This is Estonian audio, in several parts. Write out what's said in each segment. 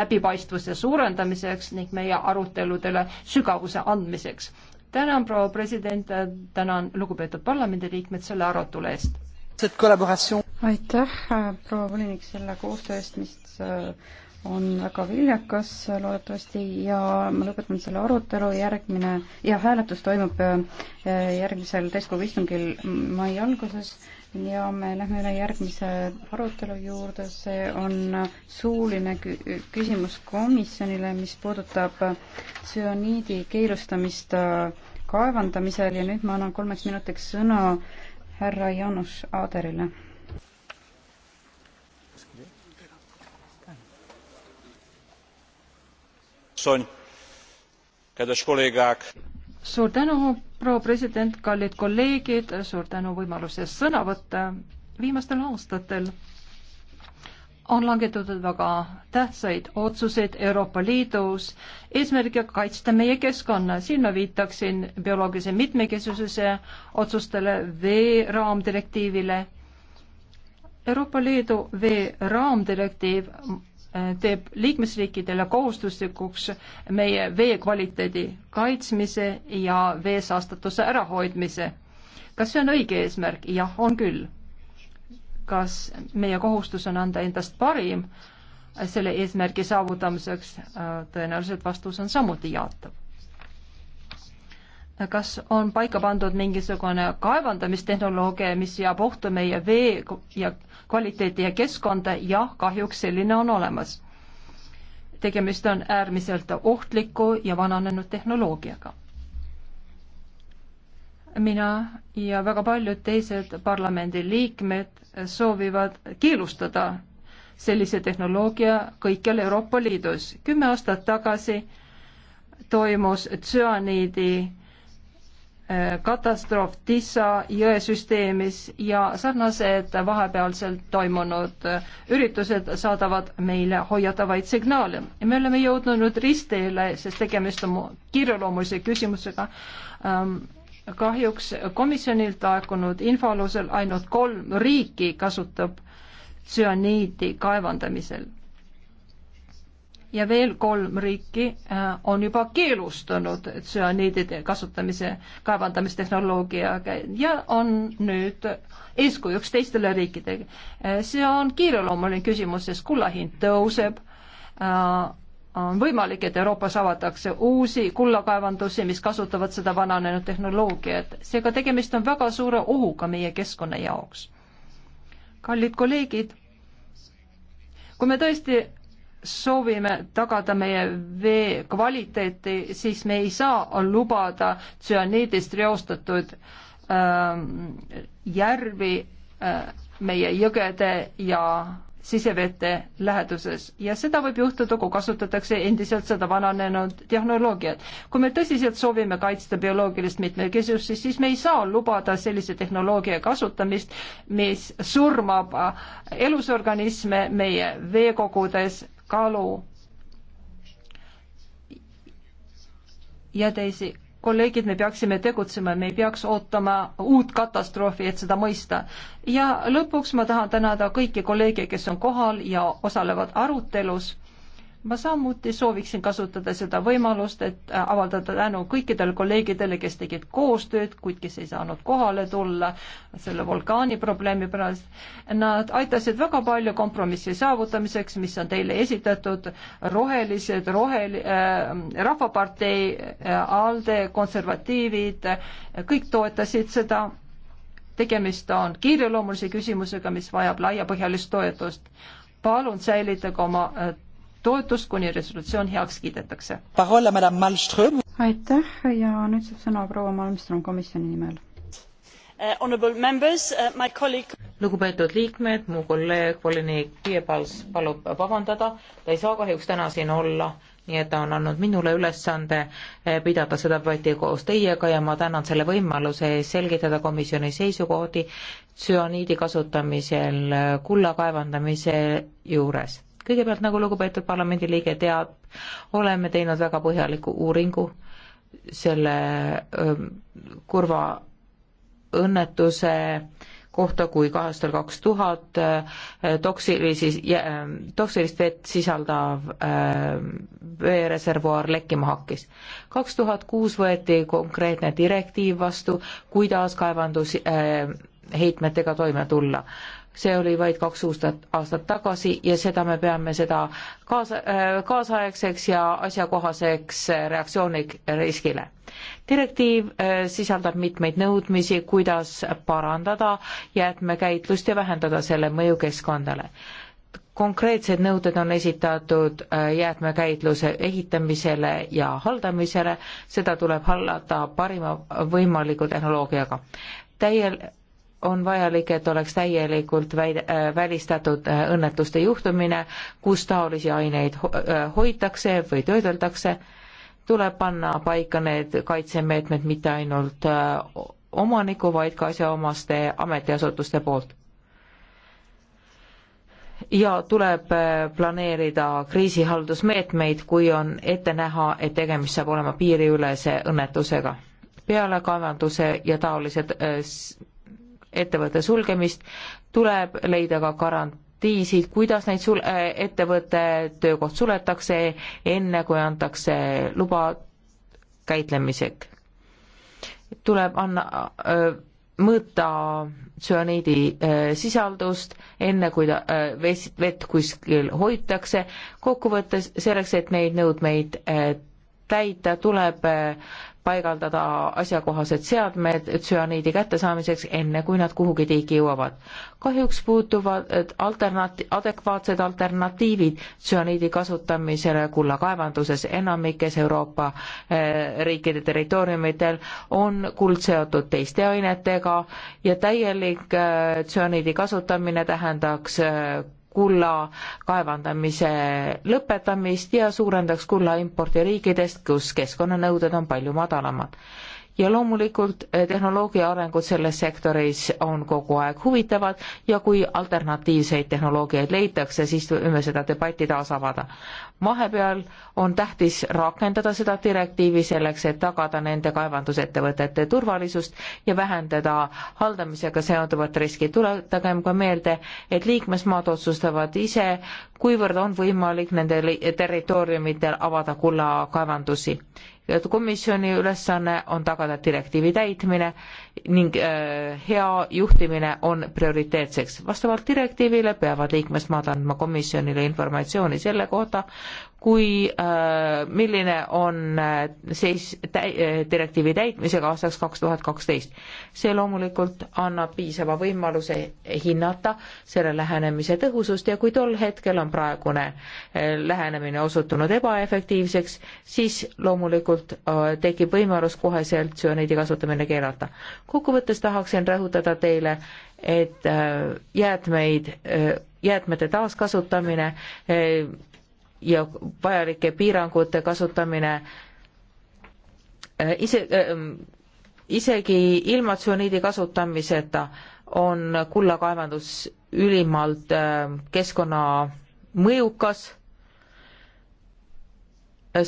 läbipaistvuse suurendamiseks ning meie aruteludele sügavuse andmiseks. tänan, proua president, tänan lugupeetud parlamendiliikmed selle arutelu eest. aitäh, äh, proua volinik, selle koostöö eest, mis äh, on väga viljakas äh, loodetavasti ja ma lõpetan selle arutelu, järgmine ja hääletus toimub järgmisel täiskogu istungil mai alguses ja me lähme üle järgmise arutelu juurde, see on suuline küsimus komisjonile, mis puudutab tsüaniidi keelustamist äh, kaevandamisel ja nüüd ma annan kolmeks minutiks sõna härra Jaanus Aderile. suur tänu, proua president, kallid kolleegid, suur tänu võimaluse eest sõna võtta. viimastel aastatel on langetatud väga tähtsaid otsuseid Euroopa Liidus eesmärgiga kaitsta meie keskkonna. siin ma viitaksin bioloogilise mitmekesisuse otsustele, veeraamdirektiivile. Euroopa Liidu veeraamdirektiiv teeb liikmesriikidele kohustuslikuks meie vee kvaliteedi kaitsmise ja veesaastatuse ärahoidmise. kas see on õige eesmärk? jah, on küll. kas meie kohustus on anda endast parim selle eesmärgi saavutamiseks? tõenäoliselt vastus on samuti jaatav kas on paika pandud mingisugune kaevandamistehnoloogia, mis seab ohtu meie vee ja kvaliteeti ja keskkonda, jah, kahjuks selline on olemas. tegemist on äärmiselt ohtliku ja vananenud tehnoloogiaga mina ja väga paljud teised parlamendi liikmed soovivad keelustada sellise tehnoloogia kõikjal Euroopa Liidus. kümme aastat tagasi toimus tsüaniidi Äh, katastroof Tissa jõesüsteemis ja sarnased vahepealselt toimunud äh, üritused saadavad meile hoiatavaid signaale. me oleme jõudnud nüüd ristteele, sest tegemist on kiireloomulise küsimusega ähm, kahjuks komisjonilt aegunud info alusel ainult kolm riiki kasutab tsüaniidi kaevandamisel ja veel kolm riiki äh, on juba keelustanud tsüaniidide kasutamise kaevandamistehnoloogiaga ja on nüüd eeskujuks teistele riikidele. Äh, see on kiireloomuline küsimus, sest kulla hind tõuseb äh, on võimalik, et Euroopas avatakse uusi kullakaevandusi, mis kasutavad seda vananenud tehnoloogiat. seega tegemist on väga suure ohuga meie keskkonna jaoks. kallid kolleegid, kui me tõesti soovime tagada meie vee kvaliteeti, siis me ei saa lubada tsüaniidist reostatud äh, järvi äh, meie jõgede ja sisevete läheduses ja seda võib juhtuda, kui kasutatakse endiselt seda vananenud tehnoloogiat. kui me tõsiselt soovime kaitsta bioloogilist mitmekesisust, siis, siis me ei saa lubada sellise tehnoloogia kasutamist, mis surmab elusorganisme meie veekogudes kalu. ja teisi kolleegid, me peaksime tegutsema, me ei peaks ootama uut katastroofi, et seda mõista. ja lõpuks ma tahan tänada kõiki kolleege, kes on kohal ja osalevad arutelus ma samuti sooviksin kasutada seda võimalust, et äh, avaldada tänu kõikidele kolleegidele, kes tegid koostööd, kuid kes ei saanud kohale tulla selle vulkaani probleemi pärast. Nad aitasid väga palju kompromissi saavutamiseks, mis on teile esitatud, rohelised, rohel- äh,, Rahvapartei äh,, ALDE, konservatiivid äh,, kõik toetasid seda tegemist on kiireloomulise küsimusega, mis vajab laiapõhjalist toetust palun säilitage oma äh, toetust, kuni resolutsioon heaks kiidetakse. aitäh ja nüüd saab sõna proua Malmström komisjoni nimel uh, uh, lugupeetud liikmed mu kolleeg volinik Piebals palub vabandada ta ei saa kahjuks täna siin olla nii et ta on andnud minule ülesande eh, pidada seda debatti koos teiega ja ma tänan selle võimaluse eest selgitada komisjoni seisukohti tsüaniidi kasutamisel kulla kaevandamise juures kõigepealt, nagu lugupeetud parlamendiliige teab, oleme teinud väga põhjaliku uuringu selle kurva õnnetuse kohta, kui ka aastal kaks tuhat toksilisi, toksilist vett sisaldav veereservuaar lekkima hakkis. kaks tuhat kuus võeti konkreetne direktiiv vastu, kuidas kaevandus äh, heitmetega toime tulla. see oli vaid kaks aastat, aastat tagasi ja seda me peame seda kaasa, äh, kaasaegseks ja asjakohaseks äh, reaktsiooniks riskile. direktiiv äh, sisaldab mitmeid nõudmisi, kuidas parandada jäätmekäitlust ja vähendada selle mõju keskkondale konkreetsed nõuded on esitatud jäätmekäitluse ehitamisele ja haldamisele, seda tuleb hallata parima võimaliku tehnoloogiaga. täiel on vajalik, et oleks täielikult väid-, äh, välistatud äh, õnnetuste juhtumine, kus taolisi aineid äh, hoitakse või töödeldakse, tuleb panna paika need kaitsemeetmed mitte ainult omaniku, vaid ka asjaomaste ametiasutuste poolt. ja tuleb planeerida kriisihaldusmeetmeid, kui on ette näha, et tegemist saab olema piiriülese õnnetusega. pealekaevanduse ja taolised ettevõtte sulgemist, tuleb leida ka garantiisid, kuidas neid sul-, äh, ettevõtte töökoht suletakse, enne kui antakse luba käitlemiseks. tuleb anna, äh, mõõta tsüaniidi äh, sisaldust, enne kui ta, vest, vett kuskil hoitakse, kokkuvõttes selleks, et neid nõudmeid täita, tuleb paigaldada asjakohased seadmed tsüaniidi kättesaamiseks, enne kui nad kuhugi tiiki jõuavad. kahjuks puutuvad alternat-, adekvaatsed alternatiivid tsüaniidi kasutamisele kullakaevanduses enamikes Euroopa eh, riikide territooriumitel on kuld seotud teiste ainetega ja täielik eh, tsüaniidi kasutamine tähendaks eh, kulla kaevandamise lõpetamist ja suurendaks kulla importi riikidest, kus keskkonnanõuded on palju madalamad ja loomulikult eh, tehnoloogia arengud selles sektoris on kogu aeg huvitavad ja kui alternatiivseid tehnoloogiaid leitakse, siis võime seda debatti taas avada. vahepeal on tähtis rakendada seda direktiivi selleks, et tagada nende kaevandusettevõtete turvalisust ja vähendada haldamisega seonduvat riski. tuletagem ka meelde, et liikmesmaad otsustavad ise, kuivõrd on võimalik nendel territooriumidel avada kullakaevandusi komisjoni ülesanne on tagada direktiivi täitmine ning äh, hea juhtimine on prioriteetseks. vastavalt direktiivile peavad liikmesmaad andma komisjonile informatsiooni selle kohta, kui äh,, milline on äh, seis täi, äh, direktiivi täitmisega aastaks kaks tuhat kaksteist. see loomulikult annab piisava võimaluse hinnata selle lähenemise tõhusust ja kui tol hetkel on praegune äh, lähenemine osutunud ebaefektiivseks, siis loomulikult äh, tekib võimalus koheselt süaniidi kasutamine keelata. kokkuvõttes tahaksin rõhutada teile, et äh, jäätmeid, jäätmete taaskasutamine ja vajalike piirangute kasutamine äh, ise, äh, isegi ilma tsüaniidi kasutamiseta on kullakaevandus ülimalt äh, keskkonnamõjukas.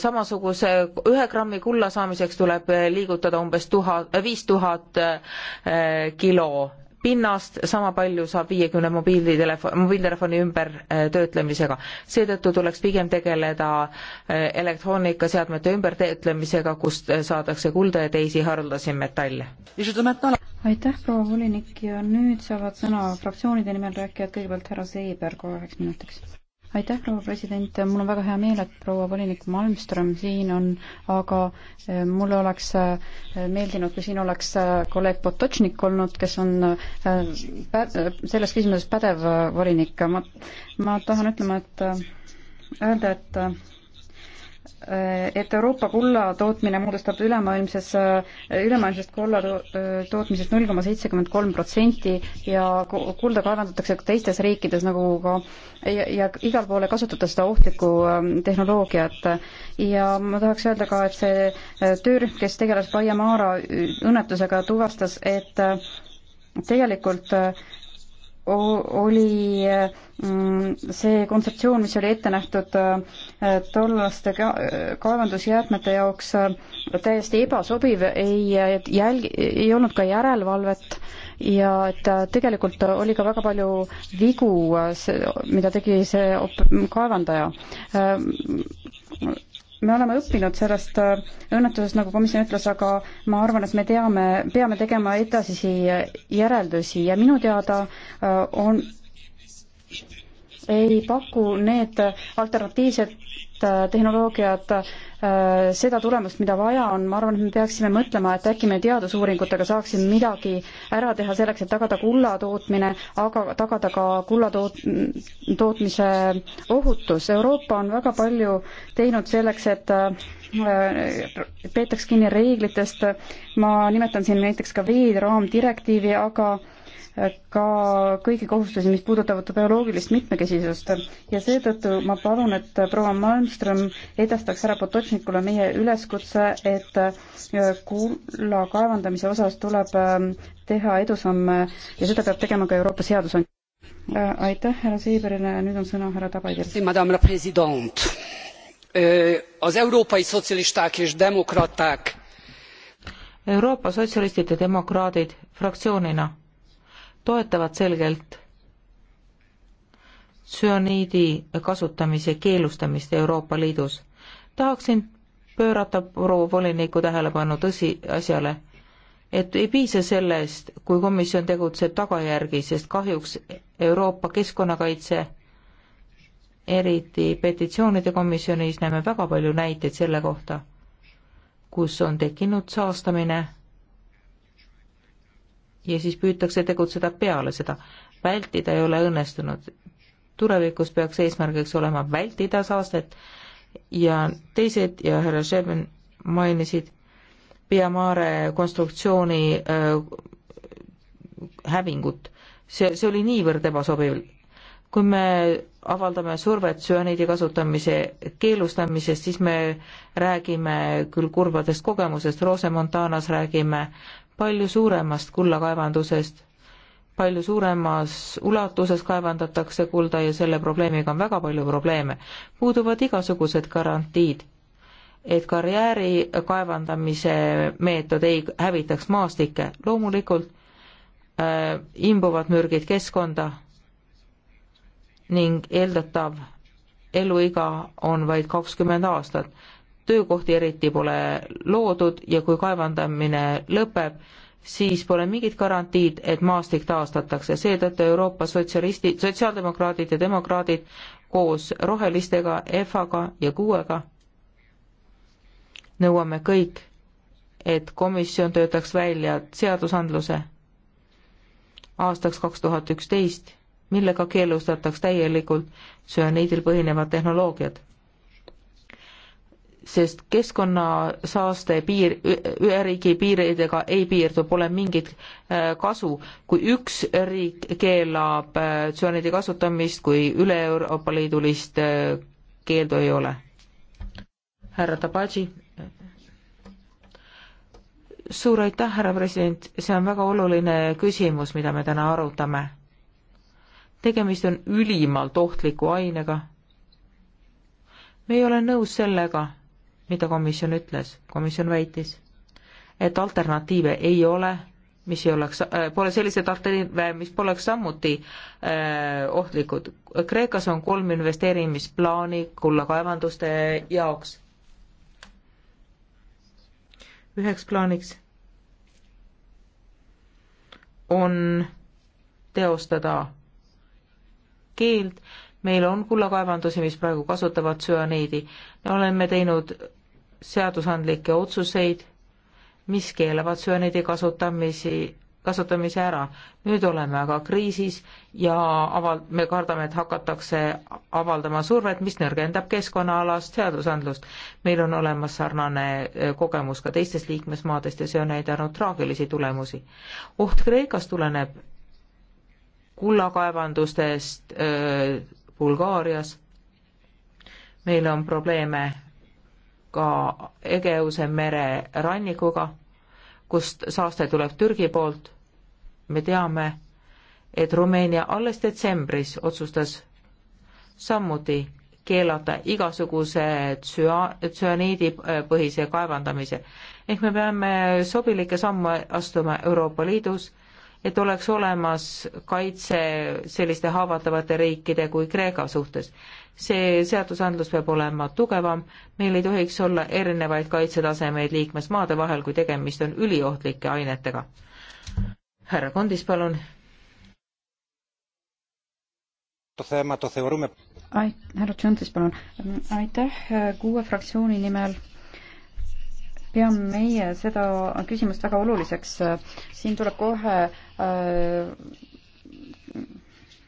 samasuguse ühe grammi kulla saamiseks tuleb liigutada umbes tuhat, viis tuhat kilo pinnast, sama palju saab viiekümne mobiilitelefoni, mobiiltelefoni ümbertöötlemisega. Äh, seetõttu tuleks pigem tegeleda äh, elektroonikaseadmete ümbertöötlemisega, kust äh, saadakse kulda ja teisi haruldasi metalle. aitäh, proua volinik ja nüüd saavad sõna fraktsioonide nimel rääkijad, kõigepealt härra Seeber kaheks minutiks aitäh, proua president, mul on väga hea meel, et proua volinik Malmström siin on, aga eh, mulle oleks eh, meeldinud, kui siin oleks eh, kolleeg Potočnik olnud, kes on selles küsimuses pädev volinik. ma, ma tahan ütlema, et öelda, et Äh, et Euroopa kulla tootmine moodustab ülemaailmses, äh, ülemaailmsest kulla äh, tootmisest null koma seitsekümmend kolm protsenti ja kulda kaevandatakse ka teistes riikides nagu ka ja, ja igale poole kasutada seda ohtlikku ähm, tehnoloogiat. ja ma tahaks öelda ka, et see töörühm, kes tegeles Baia Maara õnnetusega, tuvastas, et tegelikult äh, oli mm, see kontseptsioon, mis oli ette nähtud äh, tollaste kaevandusjäätmete jaoks äh, täiesti ebasobiv, ei jälg-, ei olnud ka järelevalvet ja et äh, tegelikult oli ka väga palju vigu, mida tegi see kaevandaja me oleme õppinud sellest äh, õnnetusest, nagu komisjon ütles, aga ma arvan, et me teame, peame tegema edasisi järeldusi ja minu teada äh, on ei paku need alternatiivsed äh, tehnoloogiad äh, seda tulemust, mida vaja on, ma arvan, et me peaksime mõtlema, et äkki me teadusuuringutega saaksime midagi ära teha selleks, et tagada kulla tootmine, aga tagada ka kulla toot-, tootmise ohutus. Euroopa on väga palju teinud selleks, et äh, peetaks kinni reeglitest, ma nimetan siin näiteks ka veeraamdirektiivi, aga ka kõiki kohustusi, mis puudutavad bioloogilist mitmekesisust ja seetõttu ma palun, et proua Malmström edastaks härra Potočnikule meie üleskutse, et äh, kulla kaevandamise osas tuleb äh, teha edusamme ja seda peab tegema ka Euroopa seadusandja. Äh, aitäh, härra Siiberile, nüüd on sõna härra Tabaidil. Madame la president, az európai szocialisták és demokraták Euroopa sotsialistid ja demokraadid fraktsioonina toetavad selgelt tsüaniidi kasutamise keelustamist Euroopa Liidus. tahaksin pöörata proua voliniku tähelepanu tõsiasjale, et ei piisa sellest, kui komisjon tegutseb tagajärgi, sest kahjuks Euroopa Keskkonnakaitse eriti petitsioonide komisjonis näeme väga palju näiteid selle kohta, kus on tekkinud saastamine ja siis püütakse tegutseda peale seda. vältida ei ole õnnestunud. tulevikus peaks eesmärgiks olema vältida saastet ja teised ja härra Šeben mainisid Pia Maare konstruktsiooni äh, hävingut. see, see oli niivõrd ebasobiv. kui me avaldame survet süaniidi kasutamise keelustamisest, siis me räägime küll kurbadest kogemusest, Rose Montanas räägime palju suuremast kullakaevandusest, palju suuremas ulatuses kaevandatakse kulda ja selle probleemiga on väga palju probleeme. puuduvad igasugused garantiid, et karjääri kaevandamise meetod ei hävitaks maastikke, loomulikult äh, imbuvad mürgid keskkonda ning eeldatav eluiga on vaid kakskümmend aastat töökohti eriti pole loodud ja kui kaevandamine lõpeb, siis pole mingit garantiid, et maastik taastatakse, seetõttu Euroopa sotsialistid, sotsiaaldemokraadid ja demokraadid koos rohelistega, EFA-ga ja kuuega nõuame kõik, et komisjon töötaks välja seadusandluse aastaks kaks tuhat üksteist, millega keelustataks täielikult süaniidil põhinevad tehnoloogiad sest keskkonnasaaste piir, ühe riigi piiridega ei piirdu, pole mingit kasu. kui üks riik keelab tsüanidi kasutamist, kui üle Euroopa Liidulist keeldu ei ole. härra Tabadži. suur aitäh, härra president, see on väga oluline küsimus, mida me täna arutame. tegemist on ülimalt ohtliku ainega. me ei ole nõus sellega mida komisjon ütles. komisjon väitis, et alternatiive ei ole, mis ei oleks, äh, pole selliseid alternatiive, äh, mis poleks samuti öö, äh, ohtlikud. Kreekas on kolm investeerimisplaani kullakaevanduste jaoks. üheks plaaniks on teostada keeld, meil on kullakaevandusi, mis praegu kasutavad tsüaniidi. oleme teinud seadusandlikke otsuseid, mis keelavad söönidi kasutamisi, kasutamise ära. nüüd oleme aga kriisis ja aval-, me kardame, et hakatakse avaldama survet, mis nõrgendab keskkonnaalast seadusandlust. meil on olemas sarnane eh, kogemus ka teistest liikmesmaadest ja see on näidanud traagilisi tulemusi. oht Kreekas tuleneb kullakaevandustest eh, Bulgaarias, meil on probleeme ka Egeuse mere rannikuga, kust saaste tuleb Türgi poolt. me teame, et Rumeenia alles detsembris otsustas samuti keelata igasuguse tsüa-, tsüaniidipõhise kaevandamise. ehk me peame sobilikke samme astuma Euroopa Liidus et oleks olemas kaitse selliste haavatavate riikide kui Kreeka suhtes. see seadusandlus peab olema tugevam, meil ei tohiks olla erinevaid kaitsetasemeid liikmesmaade vahel, kui tegemist on üliohtlike ainetega. härra Kondis, palun. Ait-, härra Tšuntis, palun. aitäh äh, kuue fraktsiooni nimel peame meie seda küsimust väga oluliseks. siin tuleb kohe Äh,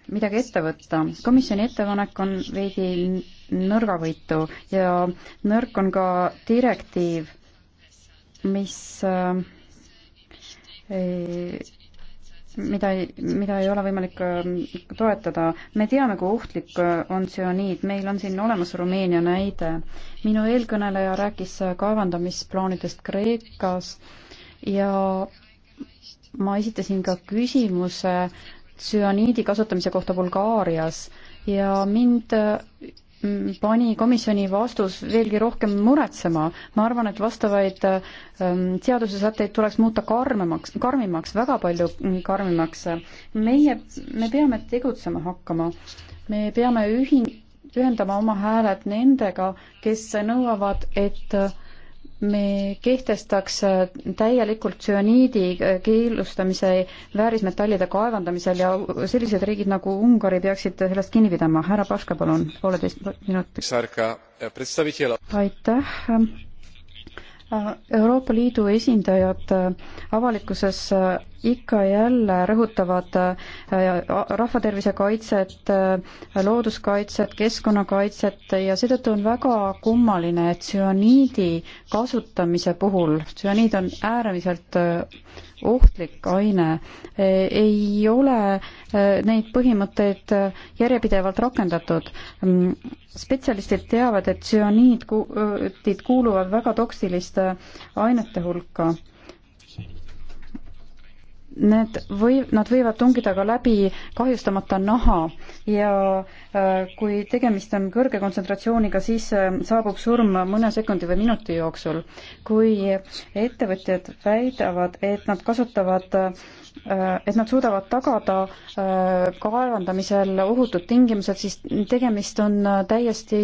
midagi ette võtta. komisjoni ettepanek on veidi nõrgavõitu ja nõrk on ka direktiiv, mis äh, ei, mida, mida ei ole võimalik äh, toetada. me teame, kui ohtlik on tsüaniid, meil on siin olemas Rumeenia näide. minu eelkõneleja rääkis kaevandamisplaanidest Kreekas ja ma esitasin ka küsimuse tsüaniidi kasutamise kohta Bulgaarias ja mind mm, pani komisjoni vastus veelgi rohkem muretsema. ma arvan, et vastavaid ähm, seadusesätteid tuleks muuta karmimaks, karmimaks, väga palju mm, karmimaks. meie, me peame tegutsema hakkama. me peame ühin-, ühendama oma hääled nendega, kes nõuavad, et äh, me kehtestaks täielikult tsüaniidi keelustamise väärismetallide kaevandamisel ja sellised riigid nagu Ungari peaksid sellest kinni pidama. härra Paška, palun, pooleteist minutit. Eh, aitäh. Euroopa Liidu esindajad eh, avalikkuses eh, ikka ja jälle rõhutavad äh, rahvatervise kaitset, äh, looduskaitset, keskkonnakaitset ja seetõttu on väga kummaline, et tsüaniidi kasutamise puhul, tsüaniid on äärmiselt äh, ohtlik aine, ei ole neid põhimõtteid järjepidevalt rakendatud. Mm, spetsialistid teavad, et tsüaniid kuuluvad väga toksiliste ainete hulka need või nad võivad tungida ka läbi kahjustamata naha ja äh, kui tegemist on kõrge kontsentratsiooniga, siis äh, saabub surm mõne sekundi või minuti jooksul. kui ettevõtjad väidavad, et nad kasutavad äh, Äh, et nad suudavad tagada äh, kaevandamisel ohutud tingimused, siis tegemist on äh, täiesti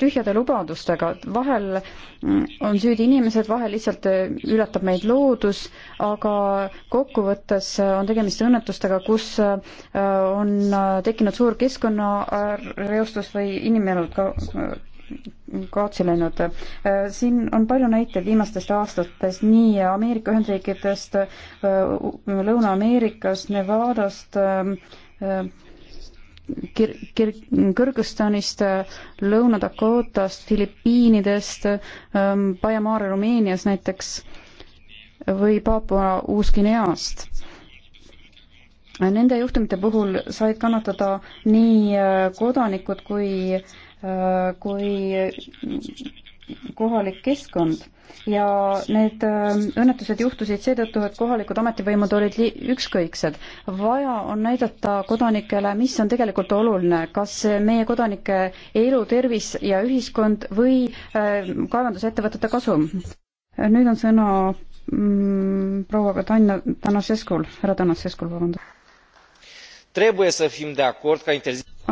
tühjade lubadustega. vahel mm, on süüdi inimesed, vahel lihtsalt ületab meid loodus, aga kokkuvõttes on tegemist õnnetustega, kus on tekkinud suur keskkonnareostus või inimelud ka kaotsi läinud. siin on palju näiteid viimastest aastatest nii Ameerika Ühendriikidest, Lõuna-Ameerikast, Nevadast, Kir-, Kir-, Kõrgõzstanist, Lõuna-Dakotast, Filipiinidest, Baiamaare Rumeenias näiteks või Paapua Uus-Guineast Nende juhtumite puhul said kannatada nii kodanikud kui Äh, kui kohalik keskkond ja need ähm, õnnetused juhtusid seetõttu, et kohalikud ametivõimud olid ükskõiksed. vaja on näidata kodanikele, mis on tegelikult oluline, kas meie kodanike elu, tervis ja ühiskond või äh, kaevandusettevõtete kasum. nüüd on sõna mm, proua Tanja Tanaseskul, härra Tanaseskul, vabandust.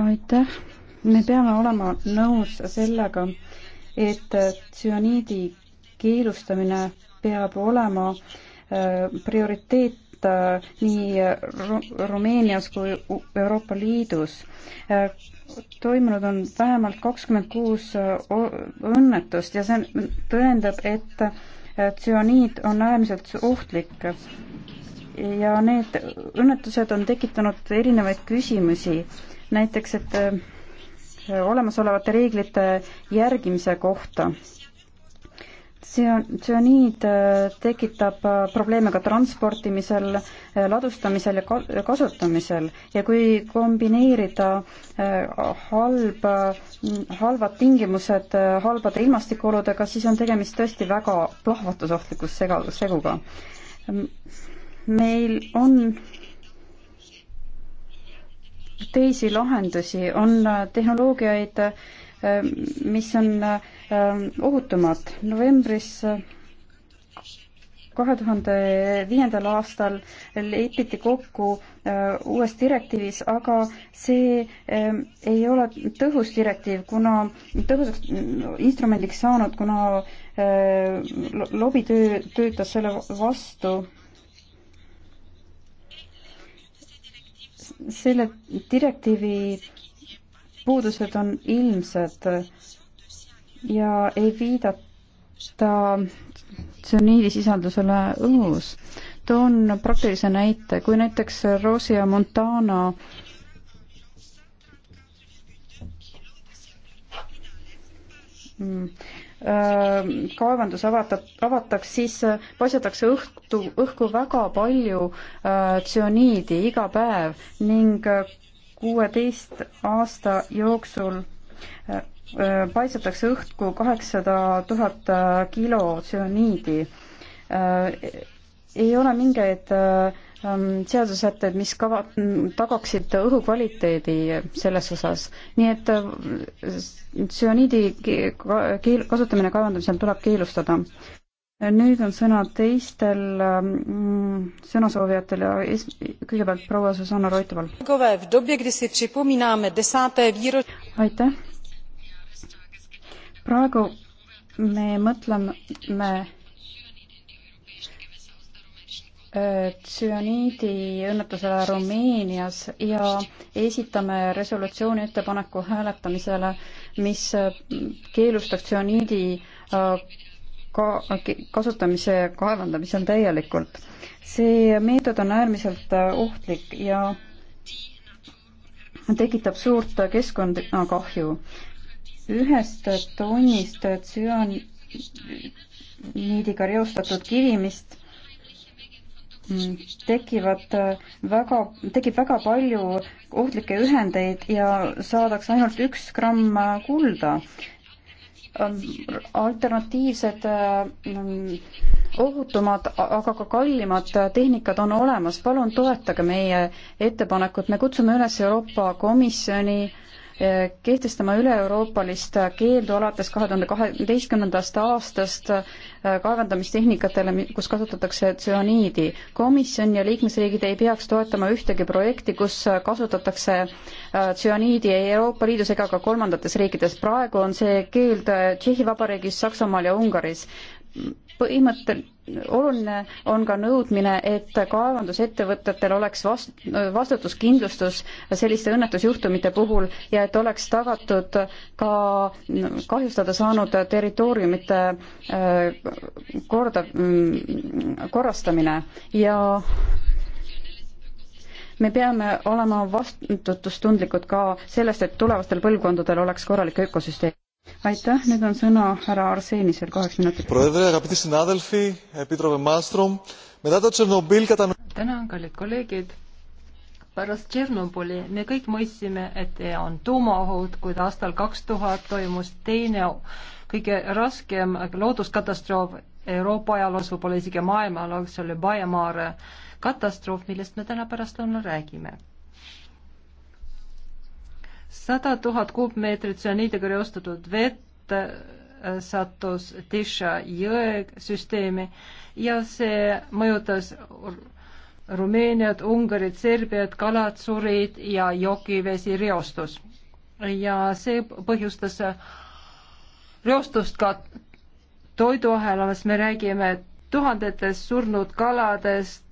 aitäh me peame olema nõus sellega, et tsüaniidi keelustamine peab olema äh, prioriteet äh, nii Rumeenias kui Euroopa Liidus. Äh, toimunud on vähemalt kakskümmend kuus õnnetust ja see tõendab, et tsüaniid on äärmiselt ohtlik. ja need õnnetused on tekitanud erinevaid küsimusi, näiteks et olemasolevate reeglite järgimise kohta. tsüaniid äh, tekitab äh, probleeme ka transportimisel, äh, ladustamisel ja kasutamisel ja kui kombineerida halb, halvad tingimused halbade ilmastikuoludega, siis on tegemist tõesti väga plahvatusohtliku sega, seguga. meil on teisi lahendusi, on äh, tehnoloogiaid, äh, mis on äh, ohutumad. novembris kahe tuhande viiendal aastal lepiti kokku uues direktiivis, aga see ei ole tõhus direktiiv, kuna tõhusaks mm, instrumendiks saanud, kuna lobitöö töötas selle vastu selle direktiivi puudused on ilmsed ja ei viidata tsüniidisisaldusele õhus. toon praktilise näite, kui näiteks Rosia Montana Äh, kaevandus avata, avataks, siis äh, paisatakse õhtu, õhku väga palju äh, tsüaniidi iga päev ning kuueteist aasta jooksul paisatakse õhku kaheksasada tuhat kilo tsüaniidi. ei ole mingeid äh, Ähm, seadusesätted, mis kava-, tagaksid õhukvaliteedi selles osas. nii et tsüaniidi äh, keel-, kasutamine kaevandamisel tuleb keelustada. nüüd on sõna teistel ähm, sõnasoovijatel ja es-, kõigepealt proua Susanna Roitoval. aitäh. praegu me mõtleme tsüaniidi õnnetusele Rumeenias ja esitame resolutsiooni ettepaneku hääletamisele, mis keelustaks tsüaniidi äh, ka-, kasutamise ja kaevandamisel täielikult. see meetod on äärmiselt äh, ohtlik ja tekitab suurt keskkonnakahju. ühest tonnist tsüaniidiga reostatud kivimist tekivad äh, väga, tekib väga palju ohtlikke ühendeid ja saadakse ainult üks gramm äh, kulda. Ähm, alternatiivsed äh, ohutumad, aga ka kallimad tehnikad on olemas, palun toetage meie ettepanekut, me kutsume üles Euroopa Komisjoni äh, kehtestama üle-euroopalist keeldu alates kahe tuhande kaheteistkümnendast aastast äh, kaevandamistehnikatele, kus kasutatakse tsüaniidi. komisjon ja liikmesriigid ei peaks toetama ühtegi projekti, kus kasutatakse äh, tsüaniidi ei Euroopa Liidus ega ka kolmandates riikides. praegu on see keeld äh, Tšehhi Vabariigis, Saksamaal ja Ungaris põhimõttel oluline on ka nõudmine, et kaevandusettevõtetel oleks vast-, vastutuskindlustus selliste õnnetusjuhtumite puhul ja et oleks tagatud ka kahjustada saanud territooriumite äh, korda, mm, korrastamine ja me peame olema vastutustundlikud ka sellest, et tulevastel põlvkondadel oleks korralik ökosüsteem aitäh, nüüd on sõna härra Arsenisel kaheks minutiks. tänan, kallid kolleegid. pärast Tšernobõli me kõik mõistsime, et on tuumaohud, kuid aastal kaks tuhat toimus teine kõige raskem looduskatastroof Euroopa ajaloos, võib-olla isegi maailma ajaloos, see oli Baiamaare katastroof, millest me täna pärastlõunal räägime sada tuhat kuupmeetrit süaniidega reostatud vett äh, sattus Tisha jõe süsteemi ja see mõjutas Rumeeniat, Ungarit, Serbiat, kalad surid ja jokivesi reostus. ja see põhjustas reostust ka toiduahelas, me räägime tuhandetest surnud kaladest,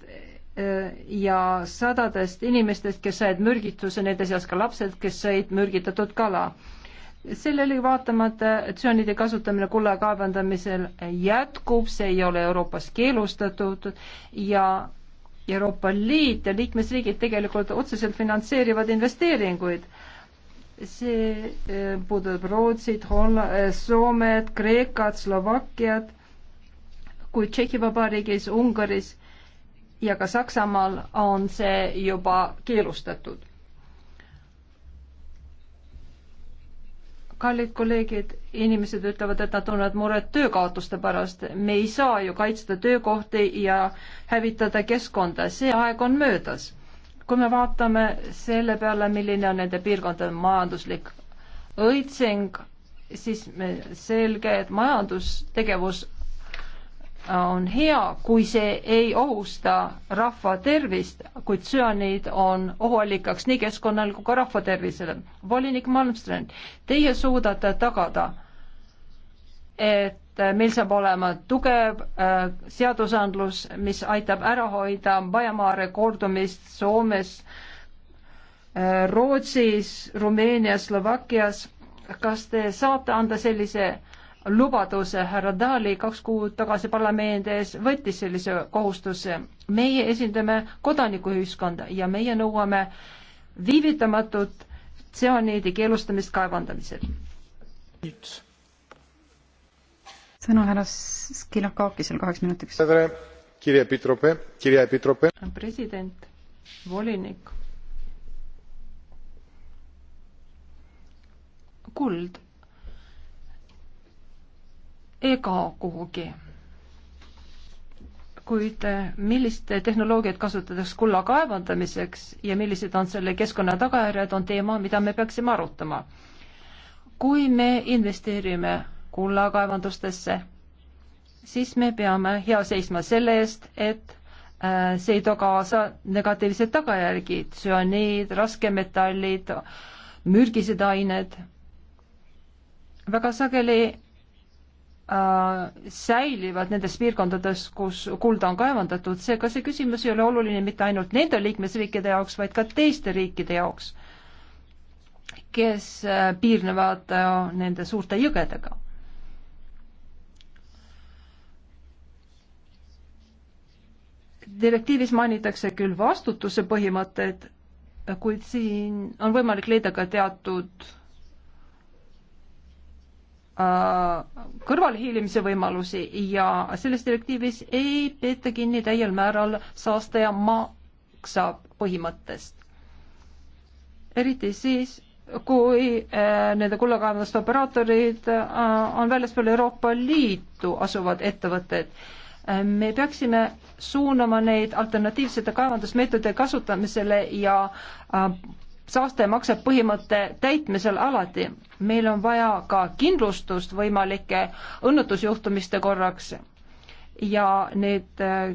ja sadadest inimestest, kes said mürgituse, nende seas ka lapsed, kes said mürgitatud kala. sellele vaatamata tsüanide kasutamine kulla kaevandamisel jätkub, see ei ole Euroopas keelustatud ja Euroopa Liit ja liikmesriigid tegelikult otseselt finantseerivad investeeringuid see eh, puudutab Rootsit, Holla-, eh, Soomet, Kreekat, Slovakkiat, kui Tšehhi Vabariigis, Ungaris ja ka Saksamaal on see juba keelustatud. kallid kolleegid, inimesed ütlevad, et nad tunnevad muret töökaotuste pärast. me ei saa ju kaitsta töökohti ja hävitada keskkonda, see aeg on möödas. kui me vaatame selle peale, milline on nende piirkondade majanduslik õitseng, siis me selge, et majandustegevus on hea, kui see ei ohusta rahva tervist, kuid tsüaniid on ohuallikaks nii keskkonnale kui ka rahva tervisele. volinik Malmström, teie suudate tagada, et meil saab olema tugev äh, seadusandlus, mis aitab ära hoida Bajamaare kordumist Soomes äh,, Rootsis, Rumeenias, Slovakkias. kas te saate anda sellise äh, lubaduse, härra Dali kaks kuud tagasi parlamendi ees võttis sellise kohustuse. meie esindame kodanikuühiskonda ja meie nõuame viivitamatut tsiooniidi keelustamist kaevandamisel. sõna härra Skilakakisel kaheks minutiks. president, volinik. kuld ei kao kuhugi. kuid eh, millist tehnoloogiat kasutatakse kulla kaevandamiseks ja millised on selle keskkonna tagajärjed, on teema, mida me peaksime arutama. kui me investeerime kulla kaevandustesse, siis me peame hea seisma selle eest, et eh, see ei too kaasa negatiivseid tagajärgi, tsüaniid, raskemetallid, mürgised ained. väga sageli Äh, säilivad nendes piirkondades, kus kulda on kaevandatud, seega see küsimus ei ole oluline mitte ainult nende liikmesriikide jaoks, vaid ka teiste riikide jaoks, kes äh, piirnevad äh, nende suurte jõgedega. direktiivis mainitakse küll vastutuse põhimõtteid, kuid siin on võimalik leida ka teatud Äh, kõrvalhiilimise võimalusi ja selles direktiivis ei peeta kinni täiel määral saastaja maksab põhimõttest. eriti siis, kui äh, nende kullakaevanduste operaatorid äh, on väljaspool Euroopa Liitu asuvad ettevõtted äh,. me peaksime suunama neid alternatiivsete kaevandusmeetodite kasutamisele ja äh, saaste maksab põhimõtte täitmisel alati. meil on vaja ka kindlustust võimalike õnnetusjuhtumiste korraks ja need äh,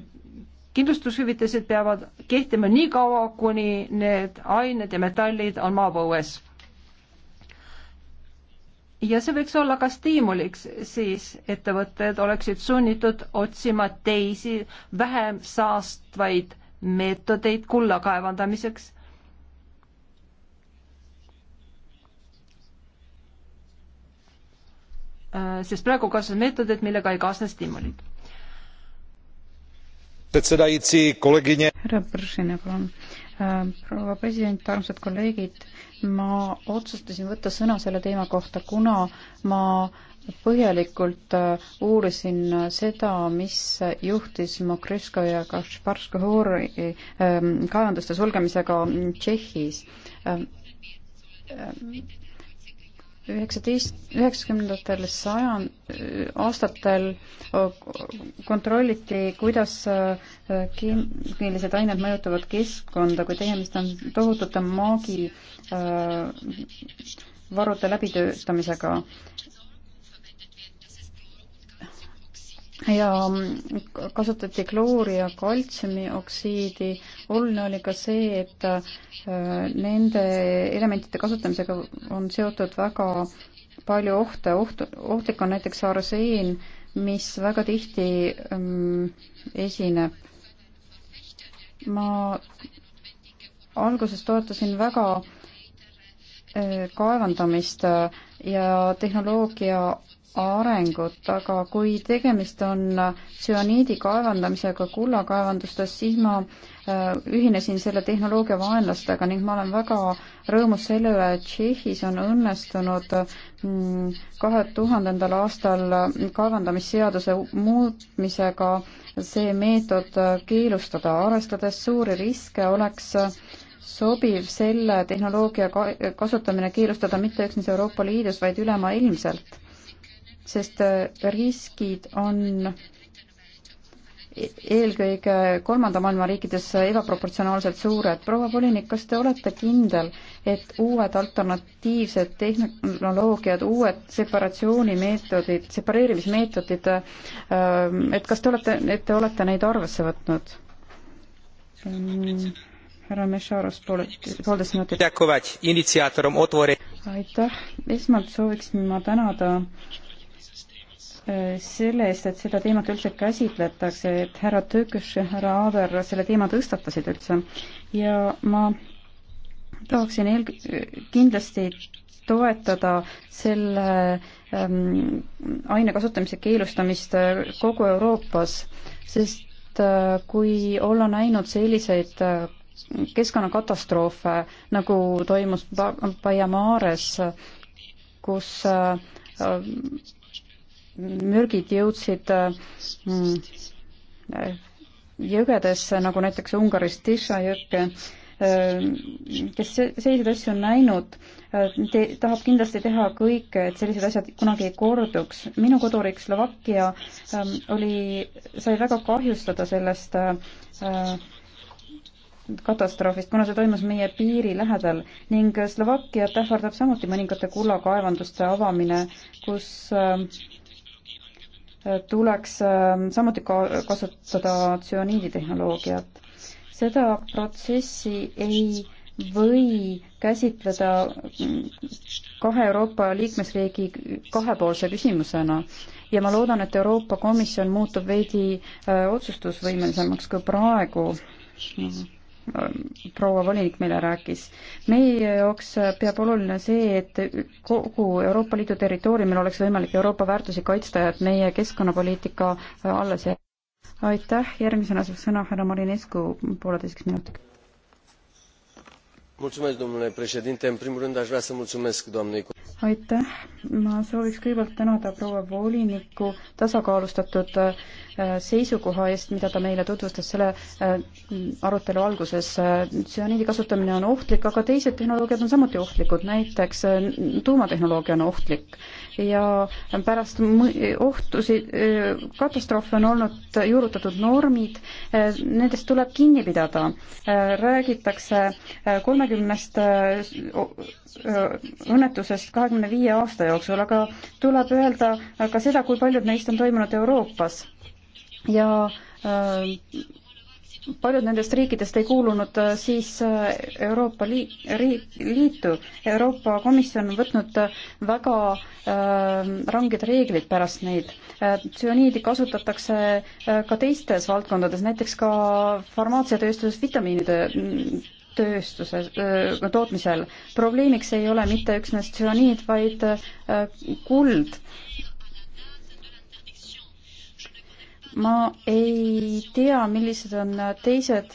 kindlustushüvitised peavad kehtima nii kaua, kuni need ained ja metallid on maapõues. ja see võiks olla ka stiimuliks siis, ettevõtted oleksid sunnitud otsima teisi vähem saastvaid meetodeid kulla kaevandamiseks Äh, sest praegu kasutatakse meetodeid, millega ei kaasne stimulit. härra Põržina, palun. Äh, proua president, armsad kolleegid, ma otsustasin võtta sõna selle teema kohta, kuna ma põhjalikult äh, uurisin seda, mis juhtis Mokrivsko ja Kašparsko hoori kaevanduste sulgemisega Tšehhis üheksateist, üheksakümnendatel sajand, aastatel kontrolliti, kuidas keemilised ained mõjutavad keskkonda, kui tegemist on tohutute maagivarude läbitöötamisega ja mm, kasutati kloori ja kaltsiumioksiidi. oluline oli ka see, et äh, nende elementide kasutamisega on seotud väga palju ohte, oht, ohtlik on näiteks arseen, mis väga tihti ähm, esineb. ma alguses toetasin väga äh, kaevandamist äh, ja tehnoloogia arengut, aga kui tegemist on tsüaniidi kaevandamisega kullakaevandustes, siis ma äh, ühinesin selle tehnoloogia vaenlastega ning ma olen väga rõõmus selle üle, et Tšehhis on õnnestunud mm, kahe tuhandendal aastal kaevandamisseaduse muutmisega see meetod keelustada, arvestades suuri riske, oleks sobiv selle tehnoloogia kasutamine keelustada mitte üksnes Euroopa Liidus, vaid ülemaailmselt sest äh, riskid on e-, eelkõige kolmanda maailma riikides ebaproportsionaalselt suured. proua volinik, kas te olete kindel, et uued alternatiivsed tehnoloogiad, uued separatsioonimeetodid, separeerimismeetodid, äh, et kas te olete, et te olete neid arvesse võtnud? Mm, härra Mešaros, poolteist minutit. aitäh, esmalt sooviksin ma tänada Äh, selle eest, et seda teemat üldse käsitletakse, et härra Tököš ja härra Aaber selle teema tõstatasid üldse ja ma tahaksin eel-, kindlasti toetada selle ähm, aine kasutamise keelustamist äh, kogu Euroopas, sest äh, kui olla näinud selliseid äh, keskkonnakatastroofe, nagu toimus Baiamares, kus äh, mürgid jõudsid äh, mm, jõgedesse, nagu näiteks Ungaris Tisha jõkke, äh, kes selliseid asju on näinud, äh, te, tahab kindlasti teha kõike, et sellised asjad kunagi ei korduks. minu koduriik Slovakkia ähm, oli, sai väga kahjustada sellest katastroofist, kuna see toimus meie piiri lähedal ning Slovakkiat ähvardab samuti mõningate kullakaevanduste avamine, kus äh, tuleks ähm, samuti ka kasutada tsüaniiditehnoloogiat. seda protsessi ei või käsitleda mm, kahe Euroopa liikmesriigi kahepoolse küsimusena ja ma loodan, et Euroopa Komisjon muutub veidi äh, otsustusvõimelisemaks kui praegu proua volinik meile rääkis. meie jaoks peab oluline see, et kogu Euroopa Liidu territooriumil oleks võimalik Euroopa väärtusi kaitsta ja et meie keskkonnapoliitika alles jääb. aitäh, järgmisena saab sõna härra Marinescu pooleteiseks minutiks în primul rând aș vrea să mulțumesc doamnei aitäh, ma sooviks kõigepealt tänada proua voliniku tasakaalustatud äh, seisukoha eest, mida ta meile tutvustas selle äh, arutelu alguses. tsüaniidi kasutamine on ohtlik, aga teised tehnoloogiad on samuti ohtlikud, näiteks äh, tuumatehnoloogia on ohtlik ja pärast ohtusid, katastroofe on olnud juurutatud normid, nendest tuleb kinni pidada. räägitakse kolmekümnest õnnetusest kahekümne viie aasta jooksul, aga tuleb öelda ka seda, kui paljud neist on toimunud Euroopas ja äh, paljud nendest riikidest ei kuulunud äh, siis äh, Euroopa liit, riik, Liitu. Euroopa Komisjon on võtnud äh, väga äh, ranged reeglid pärast neid. tsüaniidi kasutatakse ka teistes valdkondades, näiteks ka farmaatsiatööstuses vitamiinide mm, tööstuse öö, tootmisel. probleemiks ei ole mitte üksnes tsüaniid, vaid öö, kuld ma ei tea, millised on teised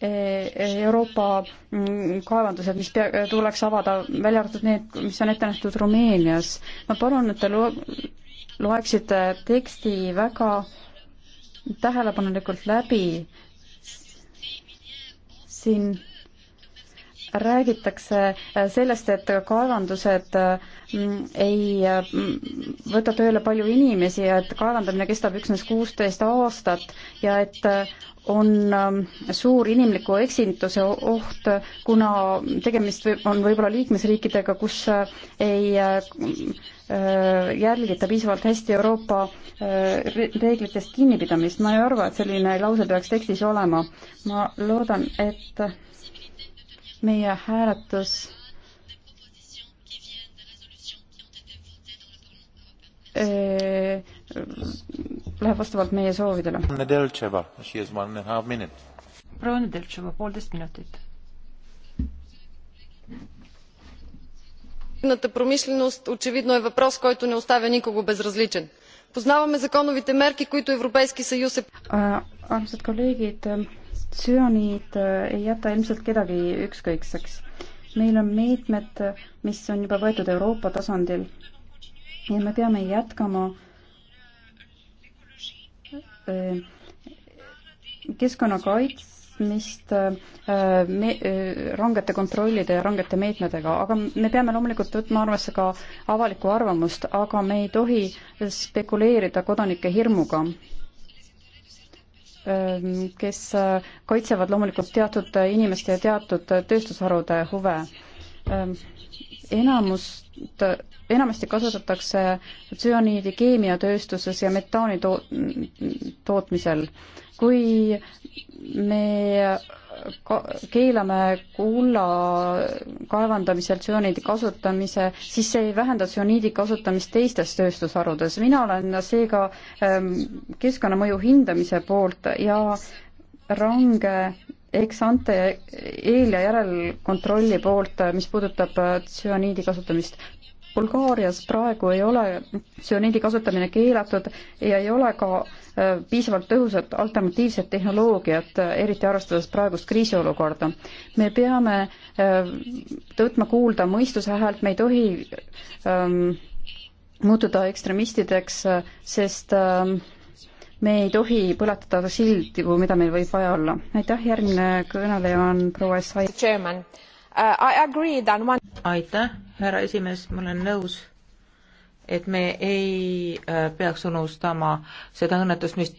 e, e, Euroopa mm, kaevandused, mis pea-, tuleks avada, välja arvatud need, mis on ette nähtud Rumeenias. ma palun, et te lo-, loeksite teksti väga tähelepanelikult läbi. siin räägitakse äh, sellest, et kaevandused äh, ei äh, võta tööle palju inimesi ja et kaevandamine kestab üksnes kuusteist aastat ja et on suur inimliku eksituse oht, kuna tegemist on võib-olla liikmesriikidega, kus ei jälgita piisavalt hästi Euroopa reeglitest kinnipidamist. ma ei arva, et selline lause peaks tekstis olema. ma loodan, et meie hääletus läheb vastavalt meie soovidele. proua Nedeltševa, poolteist minutit. промишленост очевидно е въпрос, който не оставя никого безразличен. Познаваме законовите мерки, които Европейски съюз е... Armsad kolleegid, tsüaniid äh, ei jäta ilmselt kedagi ükskõikseks. meil on meetmed, mis on juba võetud Euroopa tasandil ja me peame jätkama äh, keskkonna kaitsmist äh, me, rangete kontrollide ja rangete meetmetega, aga me peame loomulikult võtma arvesse ka avalikku arvamust, aga me ei tohi spekuleerida kodanike hirmuga Ähm, kes äh, kaitsevad loomulikult teatud inimeste ja teatud tööstusharude huve. Ähm, enamust, enamasti kasutatakse tsüaniidi keemiatööstuses ja metaani to-, tootmisel kui me keelame kulla kaevandamisel tsüaniidi kasutamise, siis see ei vähenda tsüaniidi kasutamist teistes tööstusharudes. mina olen seega ähm, keskkonnamõju hindamise poolt ja range eksante eel- ja järelkontrolli poolt, äh, mis puudutab äh, tsüaniidi kasutamist. Bulgaarias praegu ei ole tsüaniidi kasutamine keelatud ja ei ole ka äh, Äh, piisavalt tõhusat alternatiivset tehnoloogiat, äh, eriti arvestades praegust kriisiolukorda. me peame võtma äh, kuulda mõistuse häält, me ei tohi ähm, muutuda ekstremistideks, sest ähm, me ei tohi põletada sildi, mida meil võib vaja olla. aitäh, järgmine kõneleja on proua Essai. Uh, aitäh, härra esimees, ma olen nõus et me ei äh, peaks unustama seda õnnetust, mis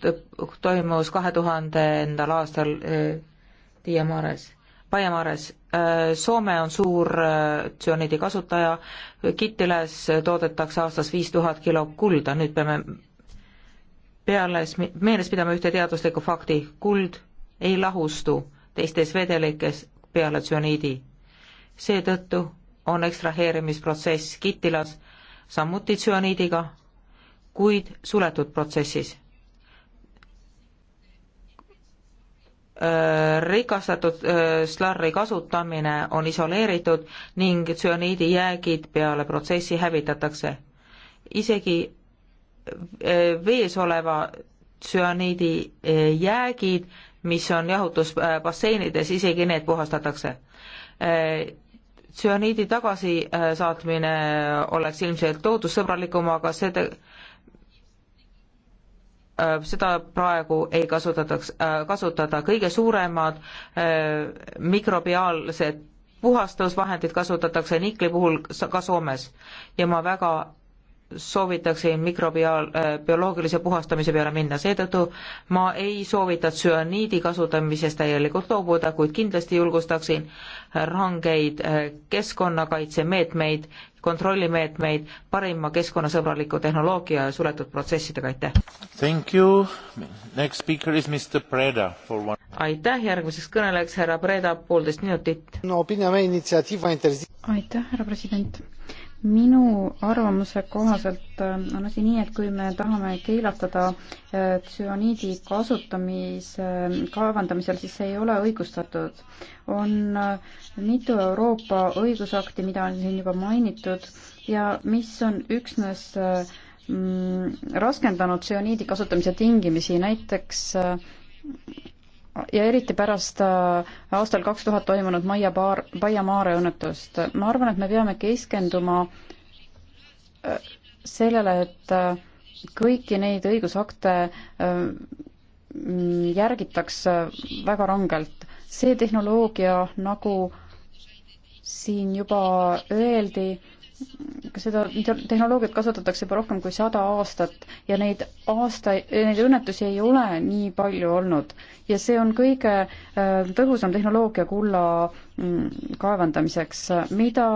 toimus kahe tuhandendal aastal äh, Tiiamaares, Paiamaares. Äh, Soome on suur tsüaniidi kasutaja, Kittiläes toodetakse aastas viis tuhat kilo kulda, nüüd peame peales meeles pidama ühte teaduslikku fakti, kuld ei lahustu teistes vedelikes peale tsüaniidi. seetõttu on ekstraheerimisprotsess Kittilas samuti tsüaniidiga, kuid suletud protsessis. Äh, rikastatud äh, slarri kasutamine on isoleeritud ning tsüaniidi jäägid peale protsessi hävitatakse. isegi äh, vees oleva tsüaniidi jäägid, mis on jahutusbasseinides, isegi need puhastatakse tsüaniidi tagasisaatmine äh, oleks ilmselt loodussõbralikum, aga seda, äh, seda praegu ei kasutataks, äh, kasutada. kõige suuremad mikrobiaalsed puhastusvahendid kasutatakse nikli puhul ka Soomes ja ma väga soovitakse mikrobioloogilise äh, puhastamise peale minna, seetõttu ma ei soovita tsüaniidi kasutamisest täielikult loobuda, kuid kindlasti julgustaksin rangeid äh, keskkonnakaitsemeetmeid, kontrollimeetmeid, parima keskkonnasõbraliku tehnoloogia ja suletud protsessidega, aitäh! aitäh, järgmiseks kõnelejaks härra Preda, poolteist minutit no,. aitäh, härra president! minu arvamuse kohaselt äh, on asi nii, et kui me tahame keelatada äh, tsüaniidi kasutamise äh, kaevandamisel, siis see ei ole õigustatud. on mitu Euroopa õigusakti, mida on siin juba mainitud ja mis on üksnes mm, raskendanud tsüaniidi kasutamise tingimisi, näiteks ja eriti pärast äh, aastal kaks tuhat toimunud Maia baar, Maia Maare õnnetust. ma arvan, et me peame keskenduma äh, sellele, et äh, kõiki neid õigusakte järgitaks väga rangelt. see tehnoloogia, nagu siin juba öeldi, seda tehnoloogiat kasutatakse juba rohkem kui sada aastat ja neid aasta, neid õnnetusi ei ole nii palju olnud. ja see on kõige äh, tõhusam tehnoloogia kulla mm, kaevandamiseks, mida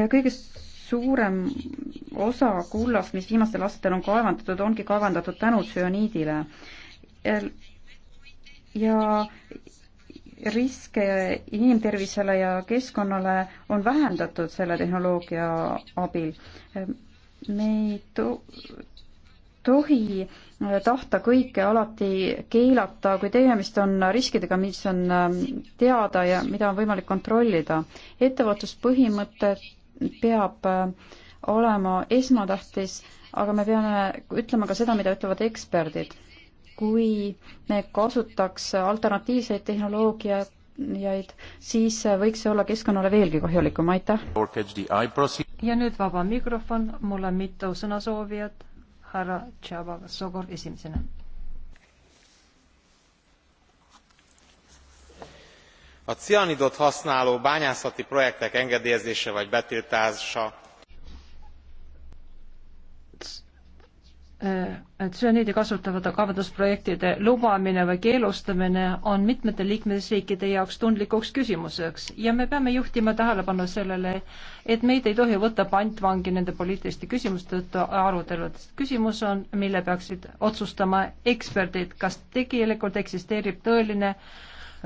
ja kõige suurem osa kullast, mis viimastel aastatel on kaevandatud, ongi kaevandatud tänu tsüaniidile. ja riske inimtervisele ja keskkonnale on vähendatud selle tehnoloogia abil. me ei to tohi tahta kõike alati keelata, kui tegemist on riskidega, mis on ähm, teada ja mida on võimalik kontrollida. ettevõtluspõhimõte peab äh, olema esmatähtis, aga me peame ütlema ka seda, mida ütlevad eksperdid kui me kasutaks alternatiivseid tehnoloogiaid, siis võiks see olla keskkonnale veelgi kahjulikum, aitäh. ja nüüd vaba mikrofon, mul on mitu sõnasoovijat, härra Tšaba Sogor esimesena. a cianidot használó bányászati projektek engedélyezése vagy betiltása Äh, tsüaniidi kasutavate kaevandusprojektide lubamine või keelustamine on mitmete liikmesriikide jaoks tundlikuks küsimuseks ja me peame juhtima tähelepanu sellele, et meid ei tohi võtta pantvangi nende poliitiliste küsimuste tõttu aruteludest. küsimus on, mille peaksid otsustama eksperdid, kas tegelikult eksisteerib tõeline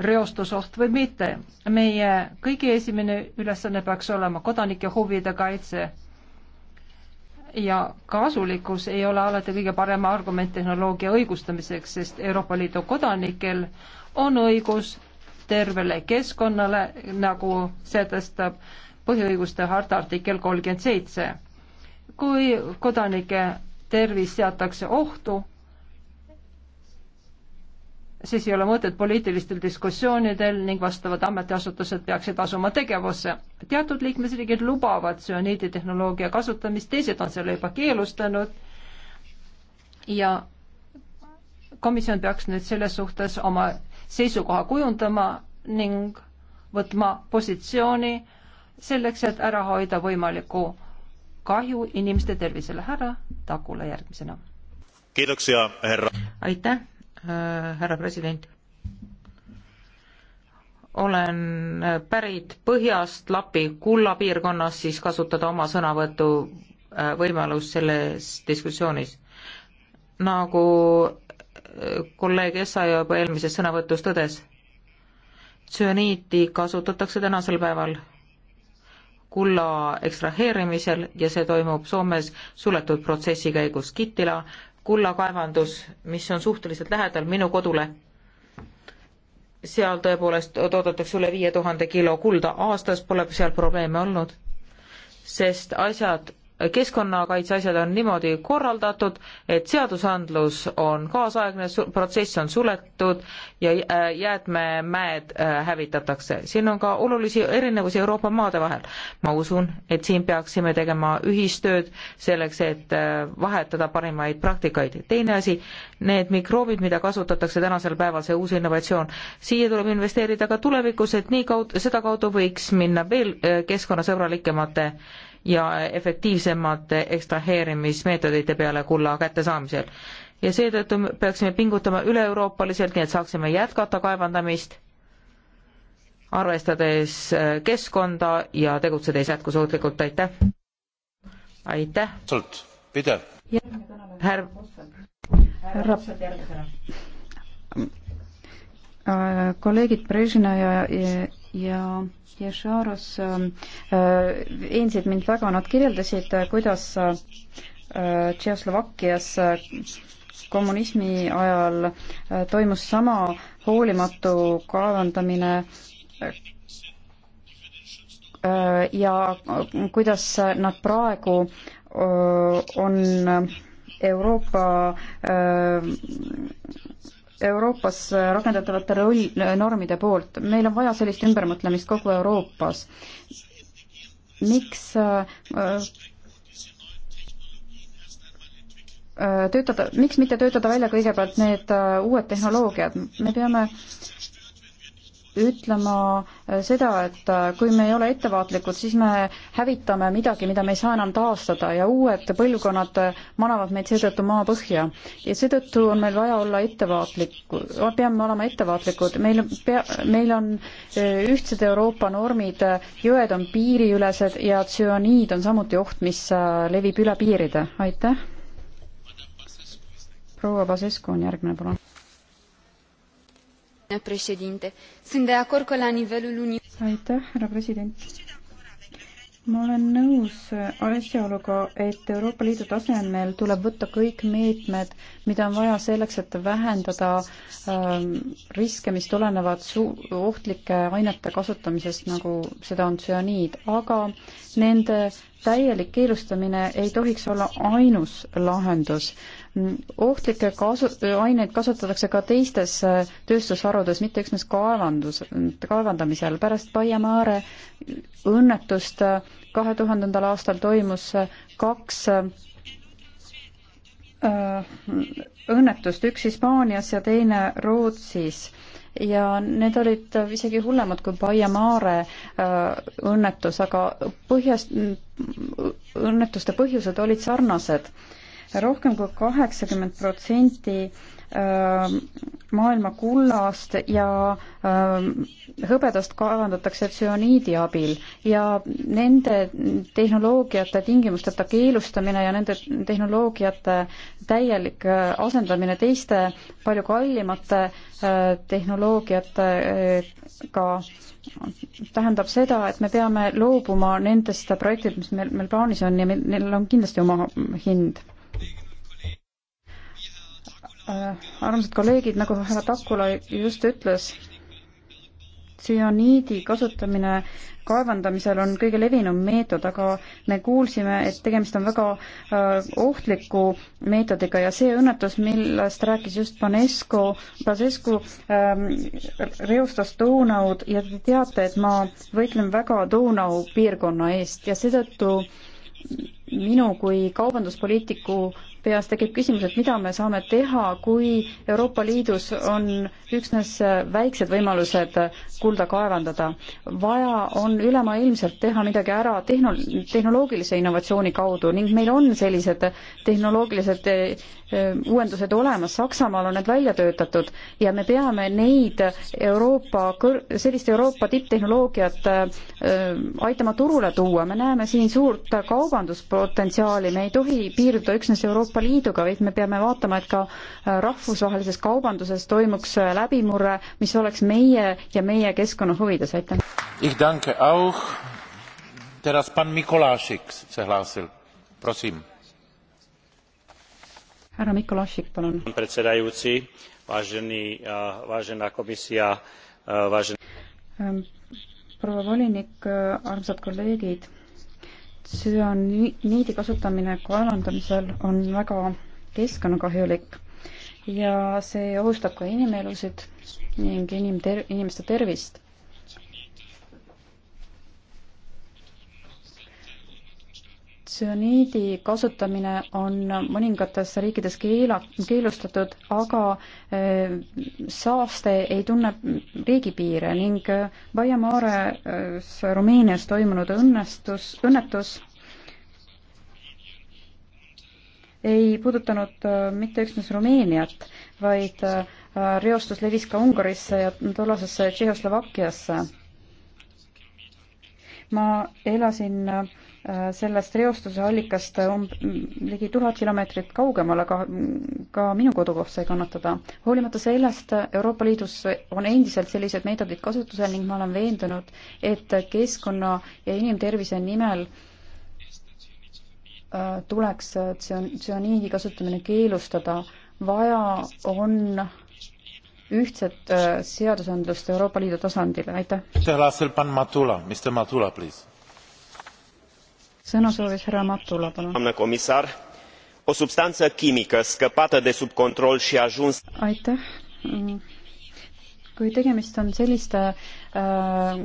reostusoht või mitte. meie kõigi esimene ülesanne peaks olema kodanike huvide kaitse ja kasulikkus ei ole alati kõige parem argument tehnoloogia õigustamiseks, sest Euroopa Liidu kodanikel on õigus tervele keskkonnale, nagu sätestab põhiõiguste harta artikkel kolmkümmend seitse. kui kodanike tervis seatakse ohtu, siis ei ole mõtet poliitilistel diskussioonidel ning vastavad ametiasutused peaksid asuma tegevusse. teatud liikmesriigid lubavad süaniiditehnoloogia kasutamist, teised on selle juba keelustanud ja komisjon peaks nüüd selles suhtes oma seisukoha kujundama ning võtma positsiooni selleks, et ära hoida võimalikku kahju inimeste tervisele. härra Takula järgmisena. aitäh Äh, härra president. olen äh, pärit Põhjast, Lapi kulla piirkonnast, siis kasutada oma sõnavõtu äh, võimalust selles diskussioonis. nagu kolleeg Essa juba eelmises sõnavõtus tõdes, tsüaniiti kasutatakse tänasel päeval kulla ekstraheerimisel ja see toimub Soomes suletud protsessi käigus. Kittila kullakaevandus, mis on suhteliselt lähedal minu kodule. seal tõepoolest toodetakse üle viie tuhande kilo kulda aastas, pole seal probleeme olnud, sest asjad keskkonnakaitse asjad on niimoodi korraldatud, et seadusandlus on kaasaegne, protsess on suletud ja äh, jäätmemäed äh, hävitatakse. siin on ka olulisi erinevusi Euroopa maade vahel. ma usun, et siin peaksime tegema ühistööd selleks, et äh, vahetada parimaid praktikaid. teine asi, need mikroobid, mida kasutatakse tänasel päeval, see uus innovatsioon, siia tuleb investeerida ka tulevikus, et nii kaud-, sedakaudu võiks minna veel keskkonnasõbralikemate ja efektiivsemate ekstraheerimismeetodite peale kulla kättesaamisel. ja seetõttu peaksime pingutama üle-euroopaliselt, nii et saaksime jätkata kaevandamist, arvestades äh, keskkonda ja tegutsedes jätkusuutlikult, aitäh! aitäh! pidev! härra kolleegid Brežina ja, ja ja, ja Šaros veensid mind väga, nad kirjeldasid, äh, kuidas äh, Tšehhoslovakkias äh, kommunismi ajal toimus sama hoolimatu kaevandamine ja kuidas nad praegu on Euroopa Euroopas rakendatavate normide poolt. meil on vaja sellist ümbermõtlemist kogu Euroopas. miks äh, äh, töötada, miks mitte töötada välja kõigepealt need äh, uued tehnoloogiad, me peame äh, ütlema äh, seda, et äh, kui me ei ole ettevaatlikud, siis me hävitame midagi, mida me ei saa enam taastada ja uued põlvkonnad äh, manavad meid seetõttu maapõhja. ja seetõttu on meil vaja olla ettevaatlik, peame olema ettevaatlikud, meil pea, meil on ühtsed Euroopa normid, jõed on piiriülesed ja tsüaniid on samuti oht, mis levib üle piiride. aitäh! proua Pasescu on järgmine, palun sunt de acord că la nivelul Uniunii. aitäh, härra president. ma olen nõus asjaoluga, et Euroopa Liidu tasemel tuleb võtta kõik meetmed, mida on vaja selleks, et vähendada äh, riske, mis tulenevad su-, ohtlike ainete kasutamisest, nagu seda on tsüaniid, aga nende täielik keelustamine ei tohiks olla ainus lahendus äh, ohtlikke kasu, aineid kasutatakse ka teistes äh, tööstusharudes, mitte üksnes kaevandus, kaevandamisel. pärast Baiamare õnnetust äh, kahe tuhandendal aastal toimus äh, kaks õnnetust, üks Hispaanias ja teine Rootsis ja need olid isegi hullemad kui Baia Mare õnnetus, aga põhjas, õnnetuste põhjused olid sarnased rohkem kui kaheksakümmend protsenti äh, maailma kullast ja äh, hõbedast kaevandatakse tsüaniidi abil ja nende tehnoloogiate tingimusteta keelustamine ja nende tehnoloogiate täielik äh, asendamine teiste palju kallimate tehnoloogiatega tähendab seda, et me peame loobuma nendest projektidest, mis meil, meil plaanis on ja meil, neil on kindlasti oma hind Äh, armsad kolleegid, nagu härra Takula just ütles, tsüaniidi kasutamine kaevandamisel on kõige levinum meetod, aga me kuulsime, et tegemist on väga äh, ohtliku meetodiga ja see õnnetus, millest rääkis just Panesco, Pasescu ähm, reostas Donaud ja te teate, et ma võitlen väga Donau piirkonna eest ja seetõttu minu kui kaubanduspoliitiku peas tekib küsimus, et mida me saame teha, kui Euroopa Liidus on üksnes väiksed võimalused kulda kaevandada. vaja on ülemaailmselt teha midagi ära tehno-, tehnoloogilise innovatsiooni kaudu ning meil on sellised tehnoloogilised Ehm, uuendused olemas, Saksamaal on need välja töötatud ja me peame neid Euroopa, sellist Euroopa tipptehnoloogiat ehm, aitama turule tuua, me näeme siin suurt kaubanduspotentsiaali, me ei tohi piirduda üksnes Euroopa Liiduga, vaid me peame vaatama, et ka äh, rahvusvahelises kaubanduses toimuks äh, läbimurre, mis oleks meie ja meie keskkonna huvides, aitäh! Teraz pan Mikolašik se hlásil. Prosím härra Mikolašik, palun. Ehm, proua volinik, e, armsad kolleegid, tsüaniidi kasutamine kaevandamisel on väga keskkonnakahjulik ja see ohustab ka inimelusid ning inimter-, inimeste tervist tsüaniidi kasutamine on mõningates riikides keela, keelustatud, aga eh, saaste ei tunne riigipiire ning Baia Maares eh, Rumeenias toimunud õnnestus, õnnetus ei puudutanud eh, mitte üksnes Rumeeniat, vaid reostus levis ka Ungarisse ja tollasesse Tšehhoslovakkiasse. ma elasin Äh, sellest reostuse allikast on äh, um-, ligi tuhat kilomeetrit kaugemal, aga ka minu kodukoht sai kannatada. hoolimata sellest äh, Euroopa Liidus on endiselt sellised meetodid kasutusel ning ma olen veendunud, et keskkonna ja inimtervise nimel tuleks tsüaniidi kasutamine keelustada. vaja on ühtset seadusandlust Euroopa Liidu tasandil, aitäh. Mr Matula, please sõna soovis härra Matula, palun. o substanță chimică scăpată de sub control și ajuns aitäh kui tegemist on selliste äh,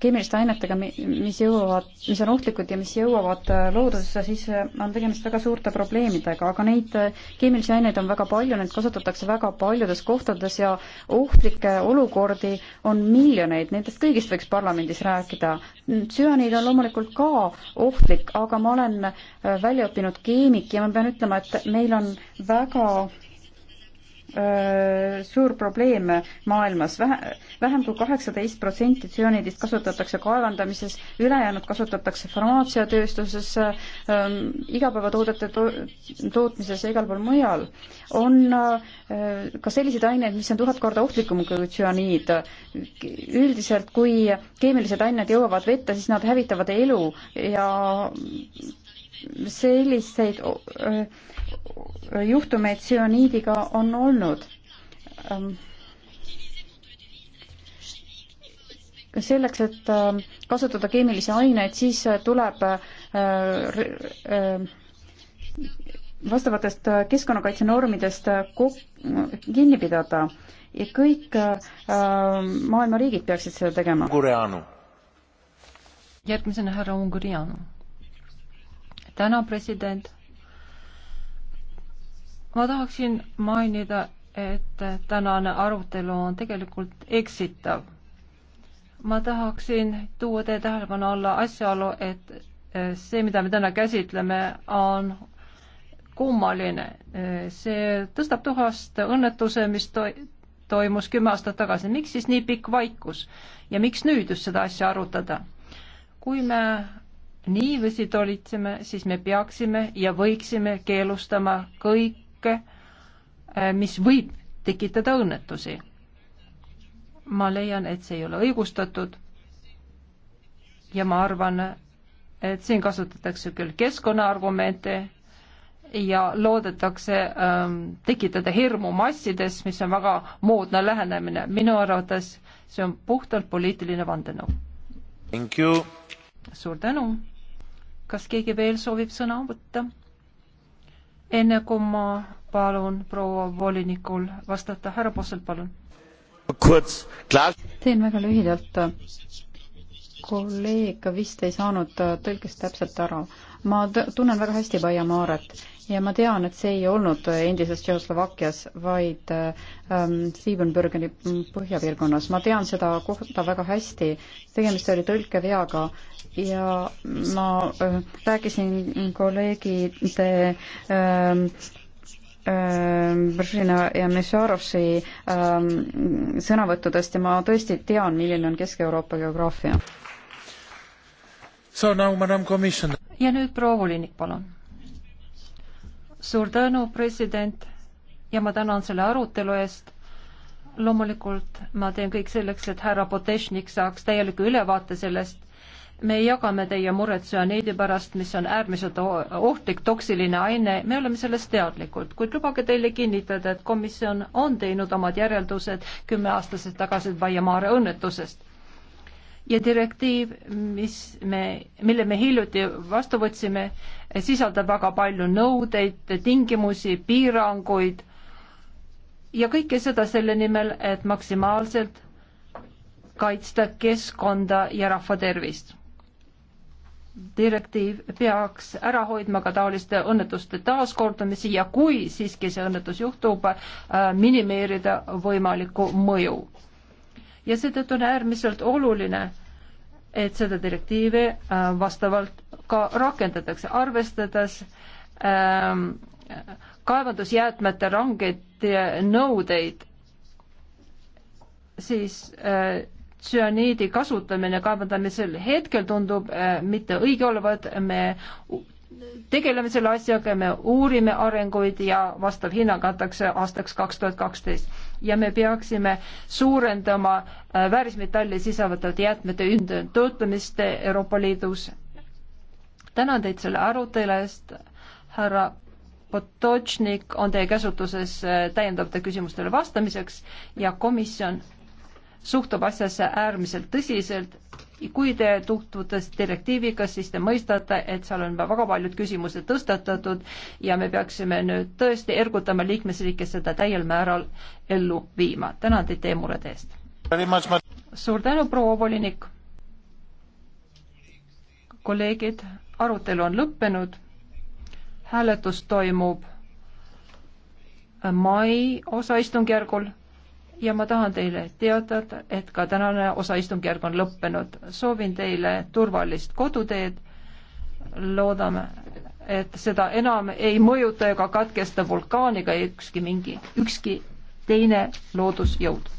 keemiliste ainetega, mis jõuavad, mis on ohtlikud ja mis jõuavad äh, loodusesse, siis äh, on tegemist väga suurte probleemidega, aga neid äh, keemilisi aineid on väga palju, neid kasutatakse väga paljudes kohtades ja ohtlikke olukordi on miljoneid, nendest kõigist võiks parlamendis rääkida. tsüaniid on loomulikult ka ohtlik, aga ma olen välja õppinud keemik ja ma pean ütlema, et meil on väga Äh, suur probleem maailmas Vähe,. vähem kui kaheksateist protsenti tsüanidist kasutatakse kaevandamises, ülejäänud kasutatakse farmaatsiatööstuses äh,, igapäevatoodete to tootmises ja igal pool mujal. on äh, ka selliseid aineid, mis on tuhat korda ohtlikum kui tsüaniid. üldiselt, kui keemilised ained jõuavad vette, siis nad hävitavad elu ja selliseid juhtumeid tsüaniidiga on olnud. Ähm, selleks, et ähm, kasutada keemilisi aineid, siis äh, tuleb äh, äh, vastavatest keskkonnakaitsenormidest kinni pidada ja kõik maailma riigid peaksid seda tegema. järgmisena härra Ungurianu täna, president. ma tahaksin mainida, et tänane arutelu on tegelikult eksitav. ma tahaksin tuua teie tähelepanu alla asjaolu, et eh, see, mida me täna käsitleme, on kummaline. Eh, see tõstab tuhast õnnetuse, mis to toimus kümme aastat tagasi. miks siis nii pikk vaikus ja miks nüüd just seda asja arutada? kui me niiviisi tolitseme, siis me peaksime ja võiksime keelustama kõike, äh, mis võib tekitada õnnetusi. ma leian, et see ei ole õigustatud. ja ma arvan, et siin kasutatakse küll keskkonnaargumente ja loodetakse ähm, tekitada hirmu massides, mis on väga moodne lähenemine. minu arvates see on puhtalt poliitiline vandenõu. suur tänu kas keegi veel soovib sõna võtta? enne kui ma palun proua volinikul vastata, härra Posselt, palun. teen väga lühidalt. kolleeg vist ei saanud tõlkest täpselt aru. ma tunnen väga hästi Baia Maaret ja ma tean, et see ei olnud endises Tšehhoslovakkias, vaid ähm, Siebenbürgeni põhjapiirkonnas. ma tean seda kohta väga hästi. tegemist oli tõlkeveaga ja ma äh, rääkisin kolleegide ähm, ähm Bržina ja Mešarovši ähm, sõnavõttudest ja ma tõesti tean, milline on Kesk-Euroopa geograafia. ja nüüd proua volinik, palun suur tänu, president, ja ma tänan selle arutelu eest. loomulikult ma teen kõik selleks, et härra Potešnik saaks täieliku ülevaate sellest. me jagame teie muret süaniidi pärast, mis on äärmiselt ohtlik toksiline aine, me oleme sellest teadlikud, kuid lubage teile kinnitada, et komisjon on teinud omad järeldused kümme aastaselt tagasi Baiamaare õnnetusest ja direktiiv, mis me, mille me hiljuti vastu võtsime, sisaldab väga palju nõudeid, tingimusi, piiranguid ja kõike seda selle nimel, et maksimaalselt kaitsta keskkonda ja rahva tervist. direktiiv peaks ära hoidma ka taoliste õnnetuste taaskordamisi ja kui siiski see õnnetus juhtub, äh, minimeerida võimalikku mõju ja seetõttu on äärmiselt oluline, et seda direktiivi äh, vastavalt ka rakendatakse, arvestades ähm, kaevandusjäätmete rangeid nõudeid, siis äh, tsüaniidi kasutamine kaevandamisel hetkel tundub äh, mitte õige olevat, me tegeleme selle asjaga, me uurime arenguid ja vastav hinnang antakse aastaks kaks tuhat kaksteist ja me peaksime suurendama äh, väärismetalli sisaldavate jäätmete ümbertöötlemist Euroopa Liidus. tänan teid selle arutelu eest, härra Potočnik on teie käsutuses äh, täiendavate küsimustele vastamiseks ja komisjon suhtub asjasse äärmiselt tõsiselt kui te tutvute direktiiviga, siis te mõistate, et seal on väga paljud küsimused tõstatatud ja me peaksime nüüd tõesti ergutama liikmesriike seda täiel määral ellu viima. tänan teid teie murede eest. suur tänu, proua volinik. kolleegid, arutelu on lõppenud. hääletus toimub mai osaistungjärgul ja ma tahan teile teatada, et ka tänane osaistungjärg on lõppenud. soovin teile turvalist koduteed. loodame, et seda enam ei mõjuta ega katkesta vulkaaniga ükski mingi, ükski teine loodusjõud.